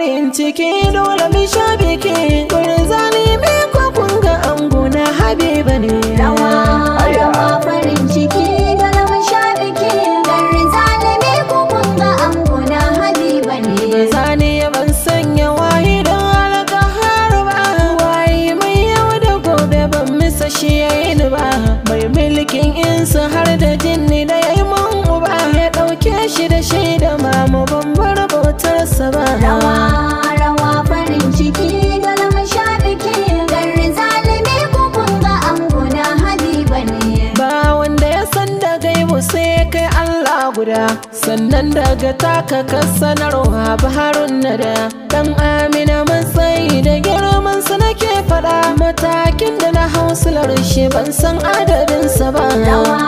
farin ciki dole mu sha biki gurin me ko kun ga ango na habiba ne rawa farin ciki dole mu sha biki gurin me ko kun ga ango na habiba ne zani ya ban sanya wahi don alaka ba wayi mai yau da gobe ban misa shi yayin ba mai mulkin insa har da jinni da yayi mun uba ya dauke shi da shaida mu ban bar sa ba sai kai Allah guda sannan daga taka sanarwa baharun nada dan amina matsayi da girman su nake faɗa matakin da na hausular shi ban san adadinsa ba rawa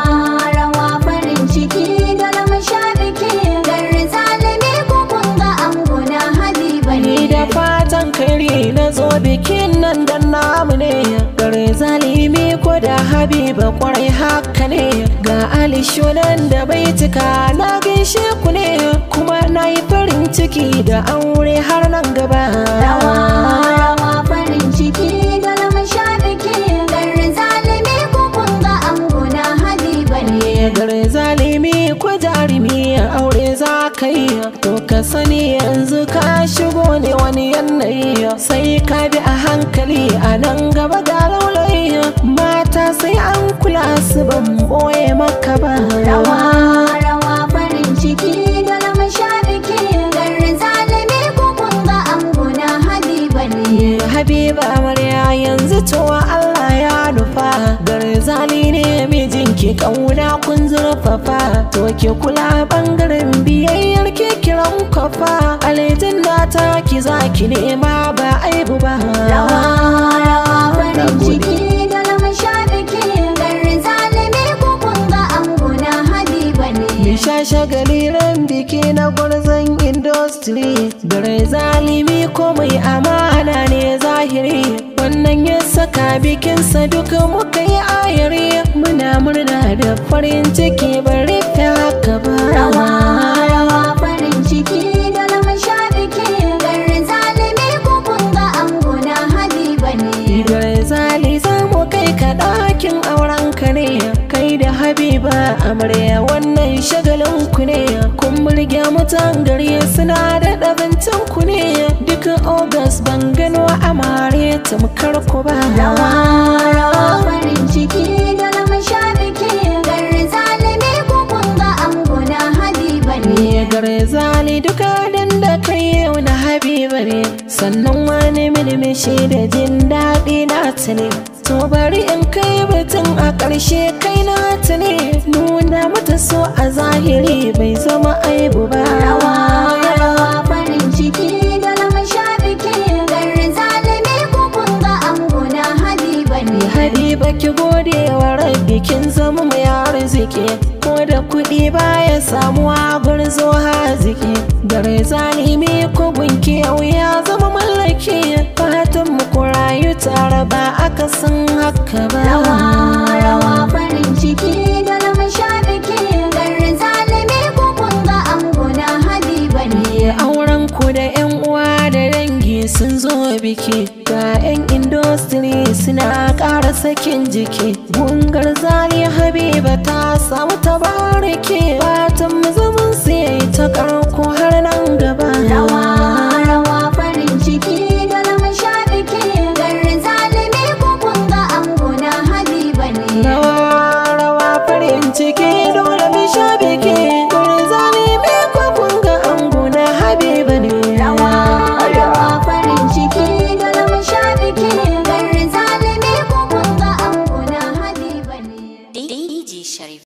farin ciki da na mashaɗiki garin zalimi kukun ga anguna habiba ni da fatan kairi na zo bikin nan dan namu ne garin zalimi ko da habiba kwarai haka ka ga alishunan da bai na gaishe ku ne kuma na yi farin ciki da aure har nan gaba rawa farin ciki da lamasha biki garin zalimi ku kun ga angona habiba ne garin zalimi ku jarumi aure za ka yi to ka sani yanzu ka shigo ne wani yanayi sai ka bi a ke kauna kun zurfafa to ke kula bangaren biyayyar ke kiran kwafa alaitin nata ki za ki nema ba aibu ba rawa biki zalimi ga habiba ne shagaliran biki na gwarzon industry gare zalimi komai amana ne zahiri wannan ya saka bikinsa duka muka murna da farin ciki bari ka haka ba rawa rawa farin ciki da lamun sha biki garin zalimi kun ga anguna habiba ne garin zali za mu kai ka ɗakin auren ka ne kai da habiba amarya wannan shagalin ku ne kun burge mutan gari suna da ɗabincin ku ne dukan august ban gano amare tamkar ku ba rawa rawa farin sannan wani shi da jin daɗi na tuni to bari in kai batun a ƙarshe kai na tuni nuna mata so a zahiri bai zama aibu ba rawa ki gode wa rabbi kin zama mai arziki ko da kuɗi baya samuwa gurzo haziki gare zalimi ko gunki ya zama rayu tare ba san haka ba rawa rawa farin ciki da lamusha biki garin zalimi kukun ga anguna habiba ne auren ku da yan uwa da dangi sun zo biki ga yan industry suna ƙara sakin jiki gungar zali habiba ta samu tabariki fatan mu zaman su yayi ta